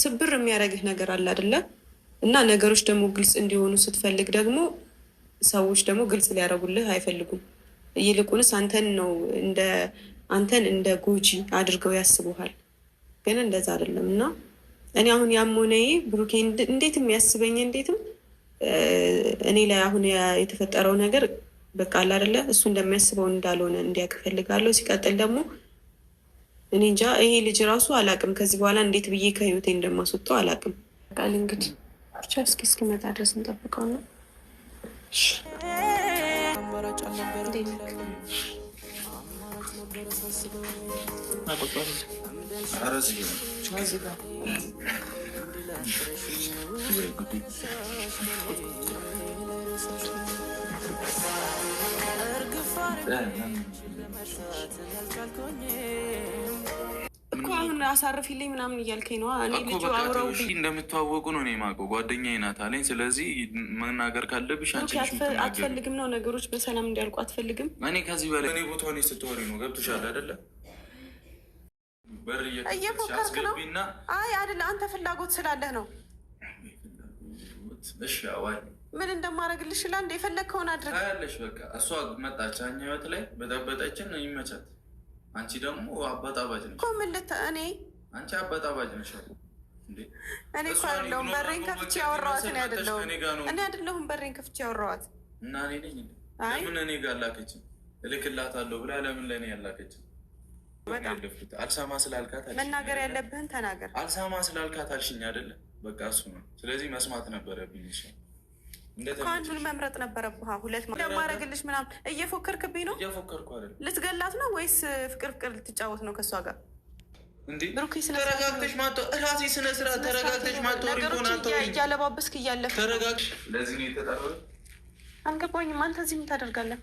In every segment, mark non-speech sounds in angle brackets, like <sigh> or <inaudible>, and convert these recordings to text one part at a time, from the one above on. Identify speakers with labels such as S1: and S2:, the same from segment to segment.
S1: ስብር የሚያደርግህ ነገር አለ አይደለ? እና ነገሮች ደግሞ ግልጽ እንዲሆኑ ስትፈልግ ደግሞ ሰዎች ደግሞ ግልጽ ሊያደርጉልህ አይፈልጉም። ይልቁንስ አንተን ነው እንደ አንተን እንደ ጎጂ አድርገው ያስቡሃል። ግን እንደዛ አይደለም እና እኔ አሁን ያሞነዬ ብሩኬ እንዴትም የሚያስበኝ እንዴትም እኔ ላይ አሁን የተፈጠረው ነገር በቃ አላደለ እሱ እንደሚያስበው እንዳልሆነ እንዲያውቅ እፈልጋለሁ። ሲቀጥል ደግሞ እኔ እንጃ ይሄ ልጅ ራሱ አላቅም። ከዚህ በኋላ እንዴት ብዬ ከህይወቴ እንደማስወጣው አላቅም።
S2: ቃል እንግዲህ ብቻ እስኪ እስኪመጣ ድረስ እንጠብቀው ነው።
S1: እኮ አሁን አሳርፊልኝ ምናምን እያልከኝ ነዋ።
S3: እኔ ልጁ አብረው እንደምትዋወቁ ነው እኔ የማውቀው ጓደኛዬ ናት አለኝ። ስለዚህ መናገር ካለብሽ
S1: አትፈልግም ነው ነገሮች በሰላም እንዲያልቁ አትፈልግም።
S3: እኔ ከዚህ በላይ እኔ ቦታውን ስትወሪ ነው ገብቶሻል አይደለ? እየፎከርክ ነው።
S1: አይ አይደለ፣ አንተ ፍላጎት ስላለህ ነው። እሺ አዋይ ምን እንደማደርግልሽ ይችላል። እንደ የፈለግከውን አድርግ
S3: ያለሽ በቃ። እሷ መጣች እኛ ህይወት ላይ በጠበጠችን፣ ይመቻት። አንቺ ደግሞ አባጣባጅ ነሽ
S1: እኮ ምን ልታ እኔ
S3: አንቺ አባጣባጅ ነሽ። እኔ
S1: እኮ አይደለሁም በሬን ከፍቼ ያወራኋት እኔ አይደለሁም እኔ አይደለሁም በሬን ከፍቼ ያወራኋት
S3: እና እኔ ነኝ። ለምን እኔ ጋር ላከችኝ? እልክላታለሁ ብላ ለምን ለእኔ ያላከችኝ? አልሰማ ስላልካት
S1: መናገር ያለብህን ተናገር።
S3: አልሰማ ስላልካት አልሽኝ አይደለም በቃ እሱ ነው። ስለዚህ መስማት ነበረብኝ ይሻል
S1: ከአንዱ መምረጥ ነበረብህ። ሁለት እንደማረግልሽ ምናምን እየፎከርክብኝ ነው። ልትገላት ነው ወይስ ፍቅር ፍቅር ልትጫወት ነው ከእሷ ጋር?
S3: ተረጋግተሽ ማቶ እራሴ ስነ ስርዓት ተረጋግተሽ ማቶ
S1: እያለባበስክ እያለፍ
S3: ተረጋግሽ። ለዚህ ነው የተጠራው።
S1: አንገባኝም። አንተ እዚህ ምን ታደርጋለህ?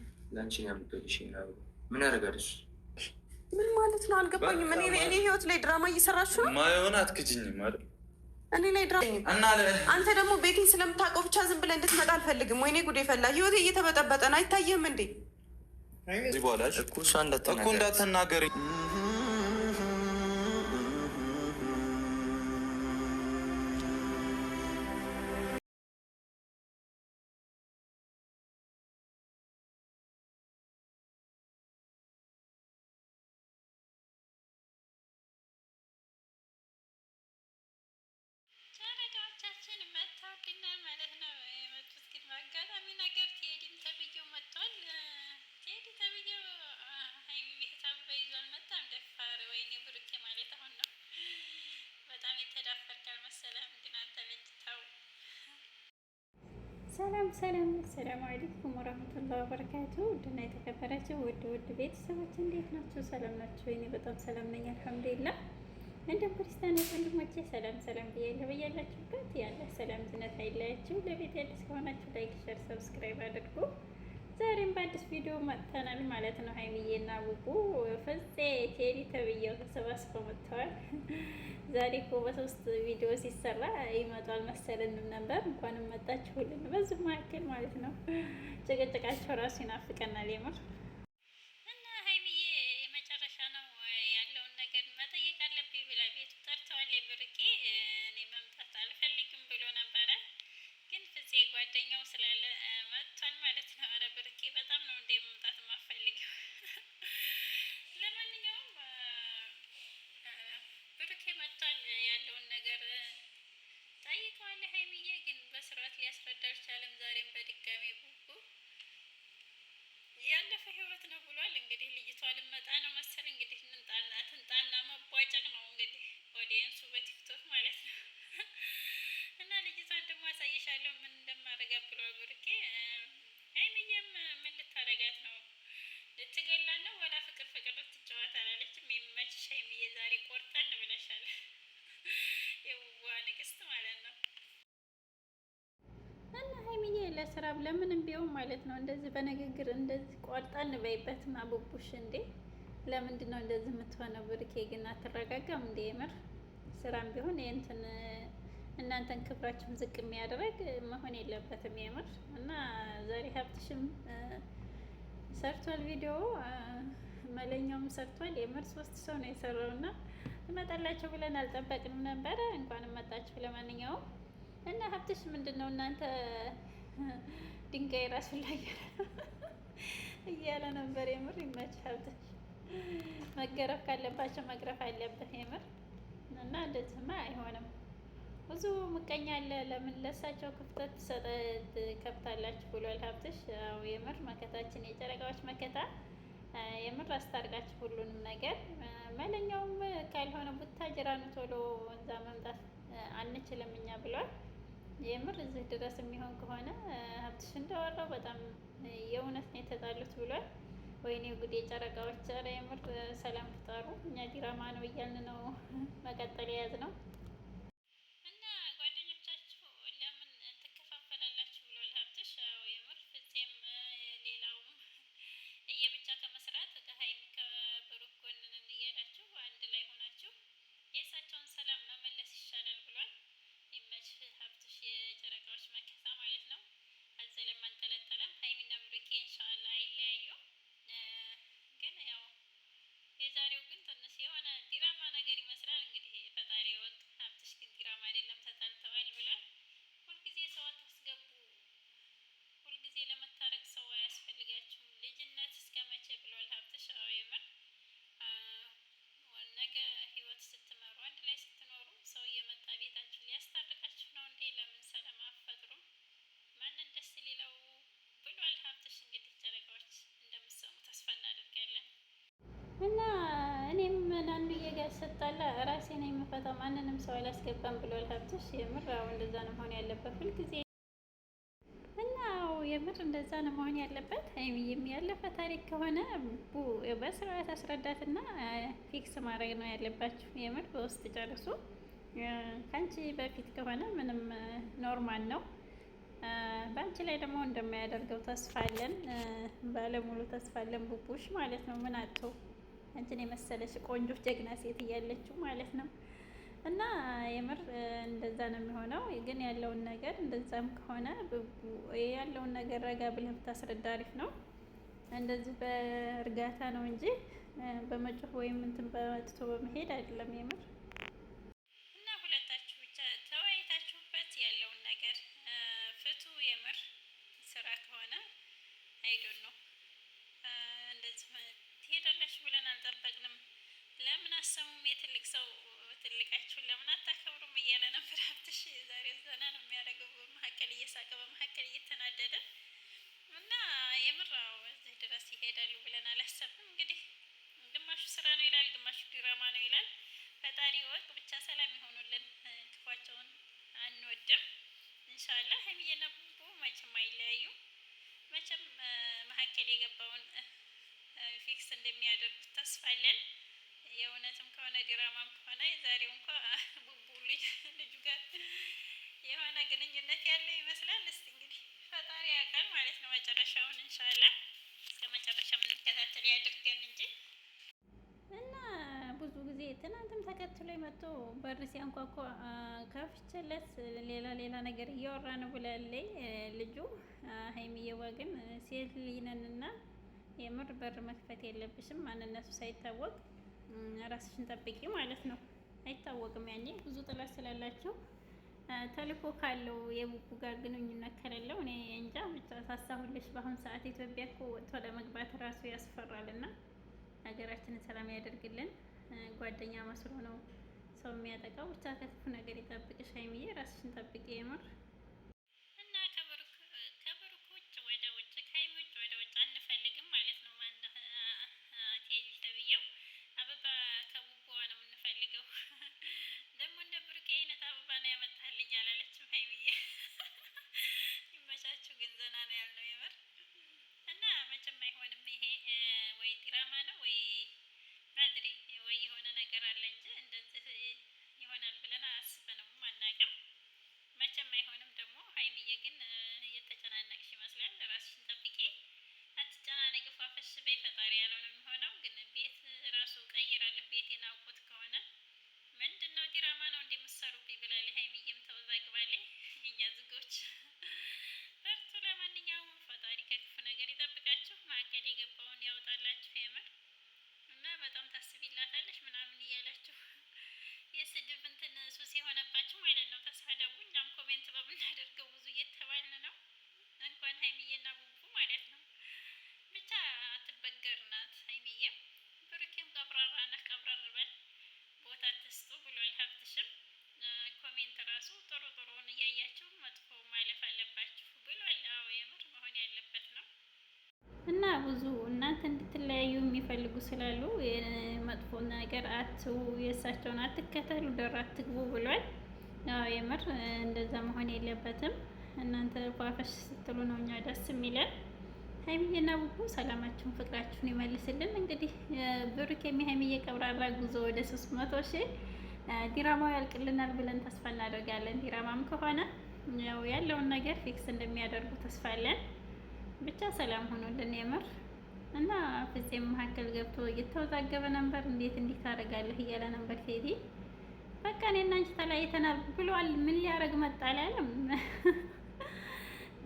S1: ምን ያደርጋለሽ? ምን ማለት ነው? አልገባኝም። እኔ ህይወት ላይ ድራማ እየሰራችሁ
S3: ነው። ማየሆን አትክጅኝም አይደል
S1: እኔ ላይ ድራ አንተ ደግሞ ቤቴን ስለምታውቀው ብቻ ዝም ብለህ እንድትመጣ አልፈልግም። ወይኔ ጉዴ ፈላ። ህይወቴ እየተበጠበጠ ነው። አይታየህም እንዴ?
S3: እኮ እንዳትናገሪ
S4: ቤተሰቦቻችን መጥተውልናል ማለት ነው። የመጡት ግን በአጋጣሚ ነገር ቴዲም ተብዬው መጥቷል። ቴዲ ተብዬው ሀይሚ ቤት አበባ ይዟል። መጣም ደፋር ወይኔ ብሩኬ ማለት አሁን ነው። በጣም የተዳፈርክ አልመሰለህም ግን አንተ ልጅ ተው። ሰላም ሰላም፣ ሰላም አለይኩም ወራህመቱላሂ ወበረካቱ። ውድና የተከበራቸው ውድ ውድ ቤተሰቦች እንዴት ናችሁ? ሰላም ናችሁ? እኔ በጣም ሰላም ነኝ አልሐምዱሊላህ እንደ ክርስቲያን ወንድሞቼ ሰላም ሰላም ብያለሁ። በያላችሁበት ያለ ሰላም ዝነት አይለያችሁ። ለቤት ያለ ከሆናችሁ ላይክ፣ ሸር፣ ሰብስክራይብ አድርጉ። ዛሬም በአዲስ ቪዲዮ መጥተናል ማለት ነው። ሀይሚዬና ቡቡ ፍጼ ቴሪ ተብዬው ተሰባስበው መጥተዋል። ዛሬ እኮ በሶስት ቪዲዮ ሲሰራ ይመጣል መሰለንም ነበር። እንኳንም መጣችሁልን። በዚሁ መካከል ማለት ነው ጭቅጭቃቸው ራሱ ይናፍቀናል የምር ብሎ ብርቄ ሀይሚዬም ምን ልታደርጋት ነው? ልትገላት ነው? ወላ ፍቅር ፍቅር ልትጫወት አላለችም። የሚመችሽ ሀይሚዬ ዛሬ ቆርጠን ብለሻል። የውዋ ንግስት ማለት ነው። እና ሀይሚዬ ለስራ ለምንም ቢሆን ማለት ነው እንደዚህ በንግግር እንደዚህ ቆርጠን በይበትም አቡቡሽ እንዴ ለምንድን ነው እንደዚህ የምትሆነው? ብርኬ ግን አትረጋጋም እንዴ? የምር ስራም ቢሆን ይህንትን እናንተን ክብራችሁን ዝቅ የሚያደርግ መሆን የለበትም የምር እና ዛሬ ሀብትሽም ሰርቷል፣ ቪዲዮ መለኛውም ሰርቷል። የምር ሶስት ሰው ነው የሰራው እና እመጣላችሁ ብለን አልጠበቅንም ነበረ። እንኳን መጣችሁ። ለማንኛውም እና ሀብትሽ ምንድን ነው እናንተ ድንጋይ ራሱ ላይ እያለ ነበር። የምር ይመች ሀብትሽ። መገረፍ ካለባቸው መግረፍ አለብህ የምር እና እንደዚህማ አይሆንም። ብዙ ምቀኛ አለ። ለምን ለሳቸው ክፍተት ሰጠ ከብታላችሁ ብሏል ሀብትሽ። ያው የምር መከታችን የጨረቃዎች መከታ የምር አስታርቃችሁ ሁሉንም ነገር መለኛውም ካልሆነ ቡታ ጅራኑ ቶሎ ወንዛ መምጣት አንችልም እኛ ብሏል። የምር እዚህ ድረስ የሚሆን ከሆነ ሀብትሽ እንዳወራው በጣም የእውነት ነው የተጣሉት ብሏል። ወይኔ ጉድ የጨረቃዎች ኧረ የምር ሰላም ፍጠሩ። እኛ ዲራማ ነው እያልን ነው መቀጠል የያዝ ነው መከታ ማለት ነው። አልዘለም አንጠለጠለም። ሀይሚና ብሩኬ እንሻላ አይለያዩ። ግን ያው የዛሬው ግን ትንሽ የሆነ ዲራማ ነገር ይመስላል። እንግዲህ ፈጣሪ ወቅ ሀብትሽ ግን ዲራማ አይደለም ተጣልተዋል ብሏል። ሁልጊዜ ሰዋት በታ ማንንም ሰው አላስገባም ብሏል ሀብትሽ። የምር አዎ እንደዛ ነው መሆን ያለበት ሁልጊዜ እና አዎ የምር እንደዛ ነው መሆን ያለበት። ሀይሚዬም ያለፈ ታሪክ ከሆነ በስርዓት አስረዳትና ፊክስ ማድረግ ነው ያለባችሁ። የምር በውስጥ ጨርሱ። ከአንቺ በፊት ከሆነ ምንም ኖርማል ነው። በአንቺ ላይ ደግሞ እንደማያደርገው ተስፋ አለን፣ ባለሙሉ ተስፋ አለን። ቡቡሽ ማለት ነው ምን አጥቶ አንቺን የመሰለሽ ቆንጆ ጀግና ሴት እያለችው ማለት ነው። እና የምር እንደዛ ነው የሚሆነው። ግን ያለውን ነገር እንደዛም ከሆነ ያለውን ነገር ረጋ ብለህ ብታስረዳ አሪፍ ነው። እንደዚህ በእርጋታ ነው እንጂ በመጮህ ወይም እንትን በመጥቶ በመሄድ አይደለም የምር ነው የሚያደርገው። በመካከል እየሳቀ በመካከል እየተናደደ እና የምራው እዚህ ድረስ ይሄዳሉ ብለን አላሰብም። እንግዲህ ግማሹ ስራ ነው ይላል፣ ግማሹ ድራማ ነው ይላል። ፈጣሪ ወቅ ብቻ ሰላም የሆኑልን ክፋቸውን አንወድም። እንሻላ ሀይሚዬና ቡቡ መቼም አይለያዩ። መቼም መካከል የገባውን ፊክስ እንደሚያደርጉት ተስፋ አለን። የእውነትም ከሆነ ድራማም ከሆነ የዛሬው እንኳ ቡቡ ልጅ ልጁ ጋር የሆነ ግንኙነት ያለ ይመስላል። እስቲ እንግዲህ ፈጣሪ ያውቃል ማለት ነው መጨረሻውን እንሻላ እስከ መጨረሻ የምንከታተል ያድርገን እንጂ እና ብዙ ጊዜ ትናንትም ተከትሎ መጥቶ በር ሲያንኳኳ ከፍቼለት ሌላ ሌላ ነገር እያወራ ነው ብላለይ ልጁ ሀይሚዬዋ ግን ሴት ልጅነንና የምር በር መክፈት የለብሽም ማንነቱ ሳይታወቅ ራስሽን ጠብቂ ማለት ነው። አይታወቅም ያኔ ብዙ ጥላት ስላላቸው ተልኮ ካለው የቡቡ ጋር ግንኙነት ከሌለው እኔ እንጃ ብቻ ሳሳሁልሽ። በአሁኑ ሰዓት ኢትዮጵያ እኮ ወጥቶ ለመግባት ራሱ ያስፈራል። እና ሀገራችንን ሰላም ያደርግልን። ጓደኛ መስሎ ነው ሰው የሚያጠቃው። ብቻ ከክፉ ነገር የጠብቅሽ ሀይሚዬ፣ ራስሽን ጠብቂ የምር እና ከብሩክ ውጭ ወደ ውጭ ከሀይሚ ውጭ ወደ ውጭ አንፈልግም እናንተ እንድትለያዩ የሚፈልጉ ስላሉ መጥፎ ነገር አትው፣ የእሳቸውን አትከተሉ፣ ደራ አትግቡ ብሏል። ያው የምር እንደዛ መሆን የለበትም። እናንተ ፏፈሽ ስትሉ ነው እኛ ደስ የሚለን። ሀይሚዬና ቡቡ ሰላማችሁን ፍቅራችሁን ይመልስልን። እንግዲህ ብሩክ የሚሀይሚዬ ቀብራራ ጉዞ ወደ ሶስት መቶ ሺህ ዲራማው ያልቅልናል ብለን ተስፋ እናደርጋለን። ዲራማም ከሆነ ያው ያለውን ነገር ፊክስ እንደሚያደርጉ ተስፋ አለን። ብቻ ሰላም ሆኖልን የምር እና ፍፄ መካከል ገብቶ እየተወዛገበ ነበር። እንዴት እንዲህ ታደርጋለህ እያለ ነበር። ቴዲ በቃ እኔና አንቺ ተለያይተናል ብሏል። ምን ሊያደርግ መጣ አላለም።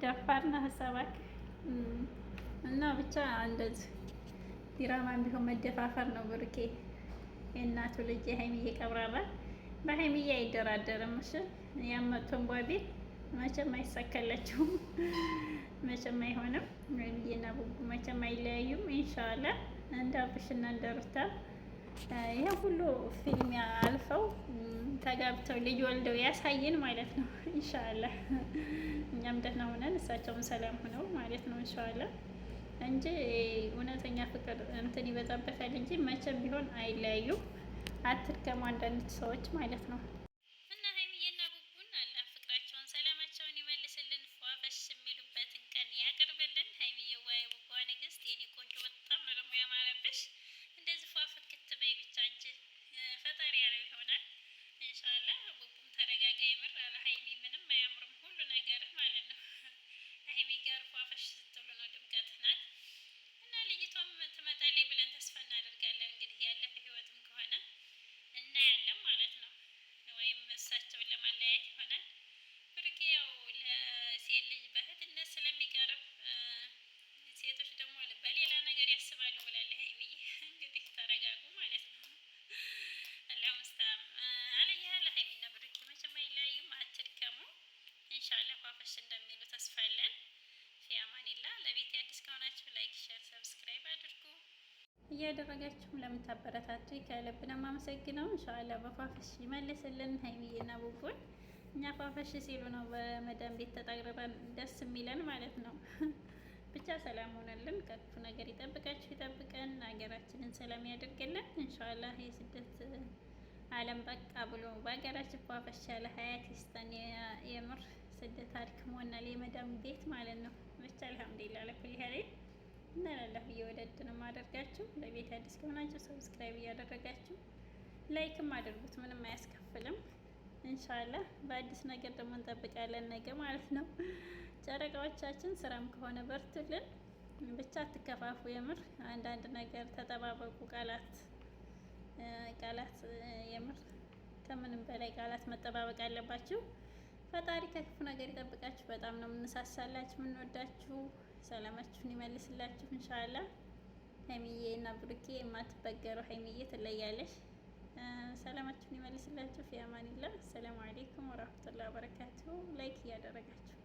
S4: ደፋርና ሰባክ። እና ብቻ እንደዚህ ዲራማን ቢሆን መደፋፈር ነው። ብሩኬ የእናቱ ልጅ የሀይሚዬ ቀብራራ በሀይሚዬ አይደራደርም። እሺ ያመጥቶን ቧቤት መቼም አይሳካላቸውም፣ መቼም አይሆንም። ሩታዬና ቡቡ መቼም አይለያዩም። ኢንሻአላ እንደ አብሽና እንደ ሩታ ይሄ ሁሉ ፊልም አልፈው ተጋብተው ልጅ ወልደው ያሳየን ማለት ነው። ኢንሻአላ እኛም ደህና ሆነን እሳቸውም ሰላም ሆነው ማለት ነው። ኢንሻአላ እንጂ እውነተኛ ፍቅር እንትን ይበዛበታል እንጂ መቼም ቢሆን አይለያዩም። አትርከሙ አንዳንድ ሰዎች ማለት ነው። ተነፋፈሽ እንደሚሉ ተስፋ አለን። ፊያማኒላ ለቤት አዲስ ከሆናችሁ ላይክ፣ ሸር፣ ሰብስክራይብ አድርጉ። እያደረጋችሁም ለምታበረታቱ ከልብ ነው የማመሰግነው። እንሻላ በፏፈሽ ይመልስልን ሀይሚዬና ቡቡን። እኛ ፏፈሽ ሲሉ ነው በመዳን ቤት ተጠቅርበን ደስ የሚለን ማለት ነው። <laughs> ብቻ ሰላም ሆነልን፣ ከክፉ ነገር ይጠብቃችሁ ይጠብቀን፣ ሀገራችንን ሰላም ያደርግልን። እንሻላ የስደት አለም በቃ ብሎ በሀገራችን ፏፈሽ ያለ ሀያት ይስጠን የምር ስደት አድክሞናል፣ የመዳም ቤት ማለት ነው። ብቻ አልሐምዱሊላህ ለኩል ሀሪን እየወደድ ነው ማደርጋችሁ። ለቤት አዲስ ከሆናችሁ ሰብስክራይብ እያደረጋችሁ ላይክም አድርጉት፣ ምንም አያስከፍልም። እንሻላ በአዲስ ነገር ደግሞ እንጠብቃለን ነገ ማለት ነው። ጨረቃዎቻችን ስራም ከሆነ በርቱልን። ብቻ አትከፋፉ። የምር አንዳንድ ነገር ተጠባበቁ። ቃላት ቃላት የምር ከምንም በላይ ቃላት መጠባበቅ አለባችሁ። ፈጣሪ ከክፉ ነገር ይጠብቃችሁ። በጣም ነው የምንሳሳላችሁ፣ የምንወዳችሁ። ሰላማችሁን ይመልስላችሁ እንሻላ። ሀይሚዬ እና ብሩኬ የማትበገረው ሀይሚዬ ትለያለሽ። ሰላማችሁን ይመልስላችሁ። ፊያማኒላ። ሰላም አሌይኩም ወራህመቱላ በረካቱ። ላይክ እያደረጋችሁ